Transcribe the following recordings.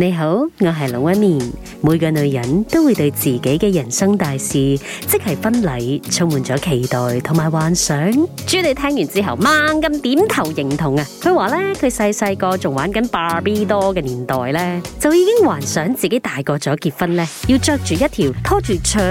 你好，我係龍紋敏。每個女人都會對自己嘅人生大事，即係婚禮，充滿咗期待同埋幻想。朱莉聽完之後，猛咁點頭認同啊！佢話咧，佢細細個仲玩緊芭比多嘅年代咧，就已經幻想自己大個咗結婚咧，要穿着住一條拖住長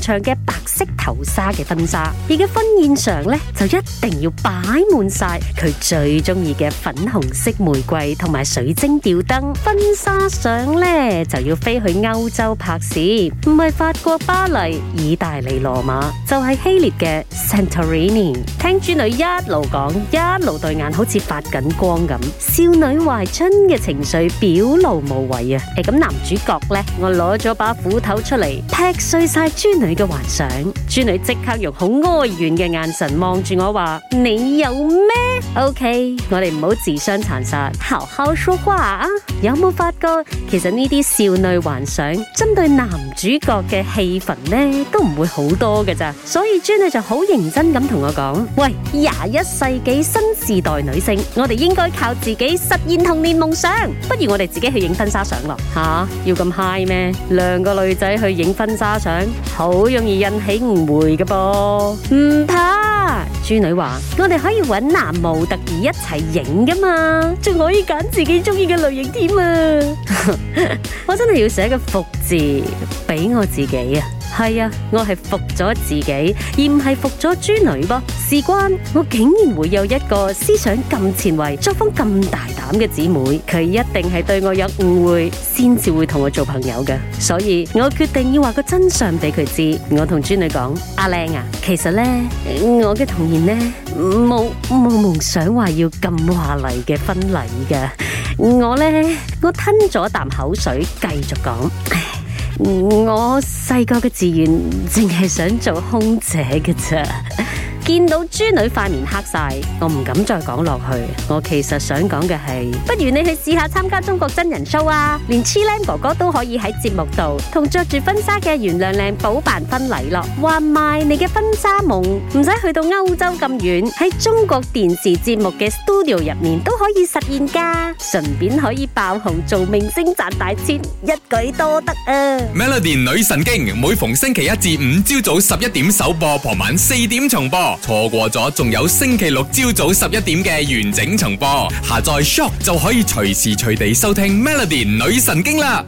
長嘅白色頭紗嘅婚紗，而佢嘅婚宴上咧，就一定要擺滿晒佢最鍾意嘅粉紅色玫瑰同埋水晶吊燈婚紗。想咧，就要飛去歐洲拍片，唔係法國巴黎、意大利羅馬，就係、是、希臘嘅聖托里尼。聽豬女一路講，一路對眼好似發緊光咁，少女懷春嘅情緒表露無遺啊！係、欸、咁，男主角咧，我攞咗把斧頭出嚟，劈碎晒豬女嘅幻想。豬女即刻用好哀怨嘅眼神望住我話，你有咩？OK，我哋唔好自相殘殺，好好說話啊！有冇發覺？其實呢啲少女幻想針對男主角嘅戲份呢都唔會好多嘅咋，所以朱呢就好認真咁同我講：喂，廿一世紀新時代女性，我哋應該靠自己實現童年夢想，不如我哋自己去影婚紗相咯，吓、啊，要咁嗨咩？兩個女仔去影婚紗相，好容易引起誤會嘅噃，唔怕。豬女話：我哋可以搵男模特兒一齊影㗎嘛，仲可以揀自己中意嘅類型添啊！ 我真係要寫個福字俾我自己啊！係啊，我係服咗自己，而唔係服咗豬女啵。事關我竟然會有一個思想咁前衛、作風咁大膽嘅姊妹，佢一定係對我有誤會，先至會同我做朋友嘅。所以我決定要話個真相俾佢知。我同豬女講：阿靚啊，其實呢，我嘅童年呢，冇冇夢想話要咁華麗嘅婚禮噶。我呢，我吞咗一啖口水，繼續講。我細個嘅志願淨係想做空姐嘅啫， 見到豬女塊面黑晒，我唔敢再講落去。我其實想講嘅係，不如你去試下參加中國真人 show 啊，連痴靚哥哥都可以喺節目度同着住婚紗嘅袁靚靚補辦婚禮咯，還埋你嘅婚紗夢唔使去到歐洲咁遠，喺中國電視節目嘅 studio 入面都，可以實現噶，順便可以爆紅做明星賺大錢，一舉多得啊！Melody 女神經，每逢星期一至五朝早十一點首播，傍晚四點重播，錯過咗仲有星期六朝早十一點嘅完整重播。下載 Shock 就可以隨時隨地收聽 Melody 女神經啦。